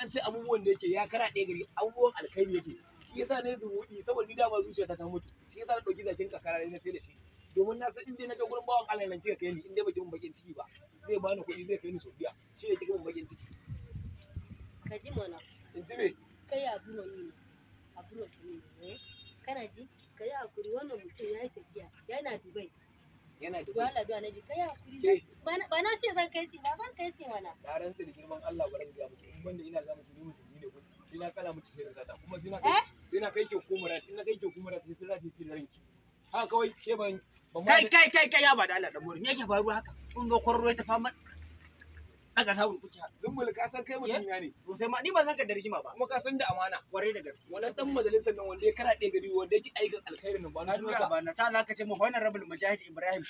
an ce abubuwan da yake ya kara ɗaya gari abubuwan alkhairi yake shi yasa na buɗi saboda ni dama zuciya ta mutu shi yasa na ɗauki zakin kakara na sai da shi domin na san inda na ga gurin bawan Allah nan kika kai ni inda baki mun bakin ciki ba zai bani kuɗi zai kai ni Saudiya shi ne kika mun bakin ciki ka ji mana in ji me kai abu ne abu ne eh? kana ji kai hakuri wannan mutum ya yi tafiya yana Dubai yana da Allah da annabi kai hakuri ba na ce zan kai sai zan kai sai mana na rantsa da girman Allah ba ran ga muke in banda ina za mu ji musulmi ne ko sai na kala miki sai sata kuma sai na kai eh? sai na kai ki ko murat in na kai ki ko murat sai za ki ranki haka kawai ke ban kai kai kai kai ya ba da Allah da mori me yake faruwa haka kun ga kwarro ta fama aka tawul kuke haɗu zumbul ka san kai mutum ya ne to sai ma ni ba zan ka da rigima ba kuma ka san da amana kwarai da gaske wannan dan majalisar nan wanda ya kara ɗaya gari wanda yake aikin alkhairin nan ba na sunansa ba na ta ka ce mu hoinar rabul mujahid ibrahim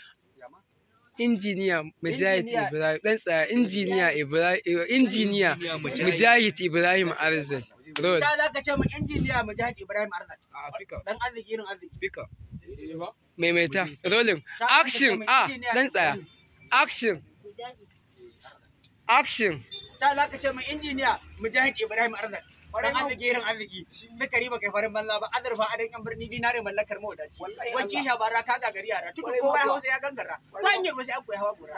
injiniya mujahid ibrahim dan tsaya injiniya ibrahim injiniya mujahid ibrahim arzan Ta za ka ce mu injiniya mujahid ibrahim eh, arzan a dan arziki irin arziki Bika. maimaita rolling action Ah, dan tsaya action action ta za ka ce mai injiniya mujahid ibrahim arzak farin arziki irin arziki zakari ba kai farin banza ba azurfa a dankan birni dinare mallakar wadaci. wanki bara ka gagari yara tudu ko ya hausa ya gangara ta hanyar wasu ya koya hawa gora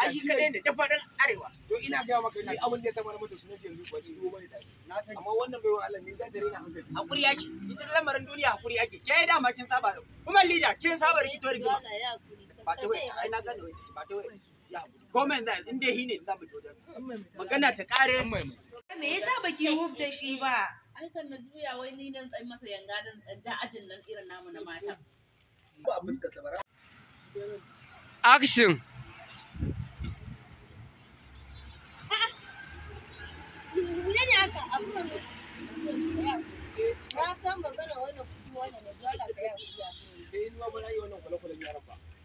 ai kadai ne ta farin arewa to ina ga maka ni abin da ya samar mata sunan shi yanzu wace dubo bane da amma wannan bai wa Allah ne za ta rena hankali hakuri yake ita lamarin duniya hakuri yake ke da ma kin saba kuma leader kin saba rikito rigima ba ta wai ai na gane wai ba ta wai ya gomen da in dai hine za mu dodar magana ta kare me yasa baki hub da shi ba ai kan na juya wai ni nan tsayi masa yanga dan dan ja ajin nan irin namu na mata ba fuskar sa action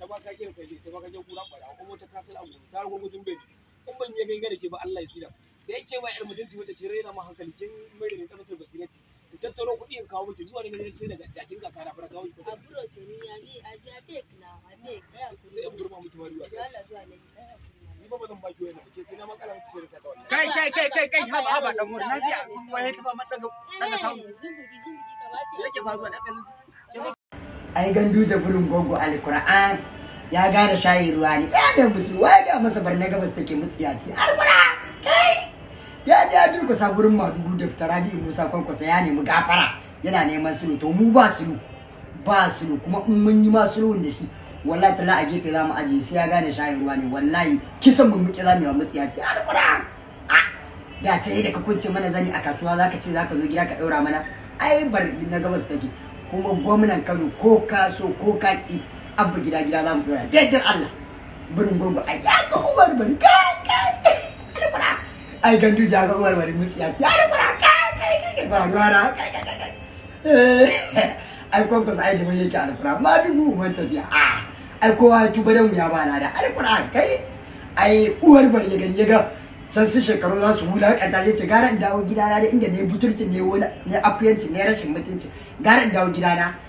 ba gina kai ta ba gina kura kwara ko mota sala ta bai in ban ya ke ba Allah ya tsira da yake ma yar mutunci wacce ke raina ma hankali kin mai da tafsir basirati in tattaro kuɗi in kawo miki zuwa ne sai daga jakin kaka na fara kawo a ni ya a biya na a kai sai in mutu Allah zuwa ne kai kai kai kai kai haba haba dan wurin biya kun wai ta ba daga eh, daga samu zumbudi zumbudi ka ba sai yake faruwa da kallon ai burin gogo alquran ya gane shayin ruwa ne ya da musu ruwa ya ga masa barna gabas take ya ce alƙura kai ya je ya durkusa gurin madugu da fitara bi musa kwankwasa ya nemi gafara yana neman sulu to mu ba sulu ba sulu kuma in mun yi ma sulu da shi wallahi tala a gefe za mu aje sai ya gane shayin ruwa ne wallahi kisan mu muke za mu yi ce alƙura ah! da ce da ka kunce mana zani a kasuwa zaka ce zaka zo gida ka ɗaura mana ai bar na gabas take kuma gwamnan Kano ko kaso ko ka abba gida gida za mu dora daidar Allah burin gurgu a ya ga umar bari ka ka ai gandu ja ga umar bari mun tsiya ya rubura ka ka ka ba gwara ka ka ka ai kwankwas ai da mun yake alfura ma dubu mun tafiya a ai kowa ya tuba da mu ya bana da alfura kai ai uwar bari ya gani ya ga can su shekaru za su wulakanta ya ce gara in dawo gidana da inda ne butulci ne wani ne afiyanci ne rashin mutunci gara in dawo gidana